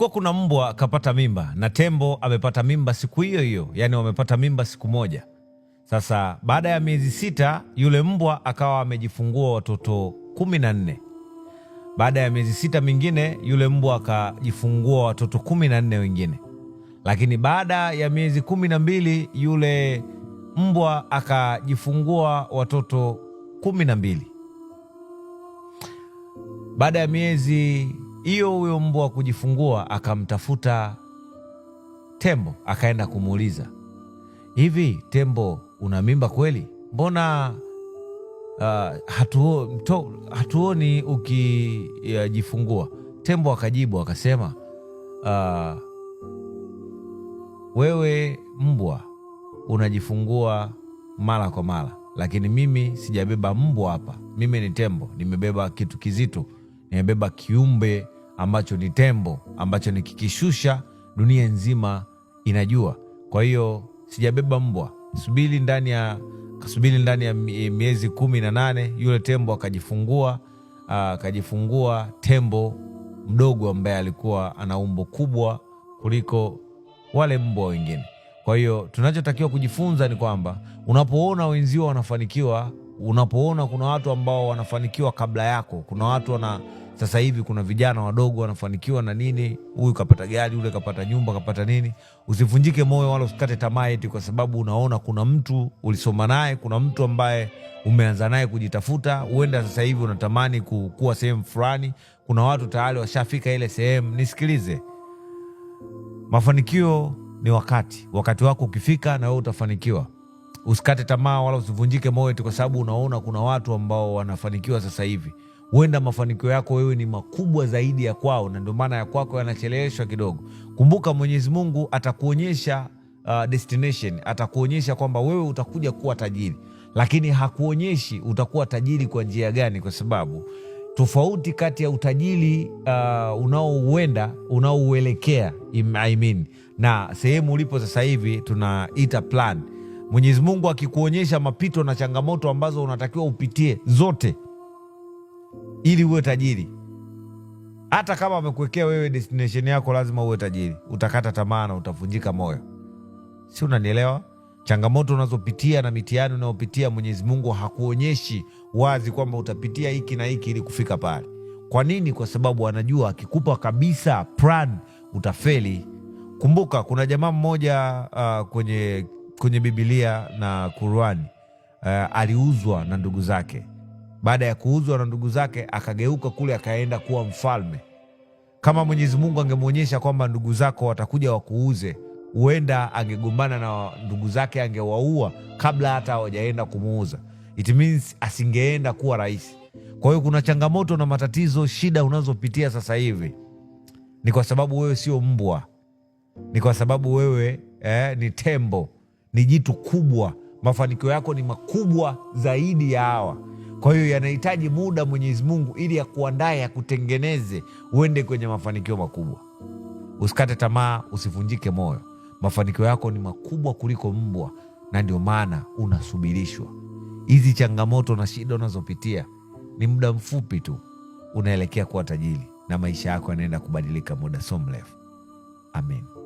kulikuwa kuna mbwa akapata mimba na tembo amepata mimba siku hiyo hiyo, yaani wamepata mimba siku moja. Sasa baada ya miezi sita yule mbwa akawa amejifungua watoto kumi na nne. Baada ya miezi sita mingine yule mbwa akajifungua watoto kumi na nne wengine, lakini baada ya miezi kumi na mbili yule mbwa akajifungua watoto kumi na mbili. Baada ya miezi hiyo huyo mbwa wa kujifungua akamtafuta tembo, akaenda kumuuliza, hivi tembo, una mimba kweli? Mbona uh, hatuoni hatuo ukijifungua? Tembo akajibu akasema, uh, wewe mbwa unajifungua mara kwa mara, lakini mimi sijabeba mbwa hapa. Mimi ni tembo, nimebeba kitu kizito nimebeba kiumbe ambacho ni tembo, ambacho nikikishusha dunia nzima inajua. Kwa hiyo sijabeba mbwa. Subiri ndani ya subiri ndani ya miezi kumi na nane yule tembo akajifungua, ah, akajifungua tembo mdogo ambaye alikuwa ana umbo kubwa kuliko wale mbwa wengine. Kwa hiyo tunachotakiwa kujifunza ni kwamba unapoona wenzio wanafanikiwa, unapoona kuna watu ambao wanafanikiwa kabla yako, kuna watu wana sasa hivi kuna vijana wadogo wanafanikiwa na nini, huyu kapata gari, ule kapata nyumba, kapata nini. Usivunjike moyo wala usikate tamaa eti kwa sababu unaona kuna mtu ulisoma naye, kuna mtu ambaye umeanza naye kujitafuta. Huenda sasa hivi unatamani kuwa sehemu fulani, kuna watu tayari washafika ile sehemu. Nisikilize, mafanikio ni wakati, wakati wako ukifika na wewe utafanikiwa. Usikate tamaa wala usivunjike moyo eti kwa sababu unaona kuna watu ambao wanafanikiwa sasa hivi huenda mafanikio yako wewe ni makubwa zaidi ya kwao, na ndio maana ya kwako yanacheleweshwa kidogo. Kumbuka Mwenyezi Mungu atakuonyesha uh, destination, atakuonyesha kwamba wewe utakuja kuwa tajiri, lakini hakuonyeshi utakuwa tajiri kwa njia gani, kwa sababu tofauti kati ya utajiri uh, unaouenda unaouelekea I mean, na sehemu ulipo sasa hivi tunaita plan. Mwenyezi Mungu akikuonyesha mapito na changamoto ambazo unatakiwa upitie zote ili uwe tajiri. Hata kama wamekuwekea wewe destination yako, lazima uwe tajiri. Utakata tamaa na utavunjika moyo, si unanielewa? Changamoto unazopitia na mitihani unayopitia, Mwenyezi Mungu hakuonyeshi wazi kwamba utapitia hiki na hiki ili kufika pale. Kwa nini? Kwa sababu anajua akikupa kabisa plan utafeli. Kumbuka kuna jamaa mmoja uh, kwenye, kwenye Bibilia na Qurani uh, aliuzwa na ndugu zake baada ya kuuzwa na ndugu zake, akageuka kule akaenda kuwa mfalme. Kama Mwenyezi Mungu angemwonyesha kwamba ndugu zako watakuja wakuuze, huenda angegombana na ndugu zake, angewaua kabla hata hawajaenda kumuuza. It means asingeenda kuwa rais. Kwa hiyo kuna changamoto na matatizo, shida unazopitia sasa hivi ni kwa sababu wewe sio mbwa, ni kwa sababu wewe eh, ni tembo, ni jitu kubwa. Mafanikio yako ni makubwa zaidi ya hawa. Kwa hiyo yanahitaji muda Mwenyezi Mungu ili ya kuandaye ya kutengeneze uende kwenye mafanikio makubwa. Usikate tamaa, usivunjike moyo. Mafanikio yako ni makubwa kuliko mbwa, na ndio maana unasubirishwa. Hizi changamoto na shida unazopitia ni muda mfupi tu, unaelekea kuwa tajiri na maisha yako yanaenda kubadilika muda so mrefu. Amen.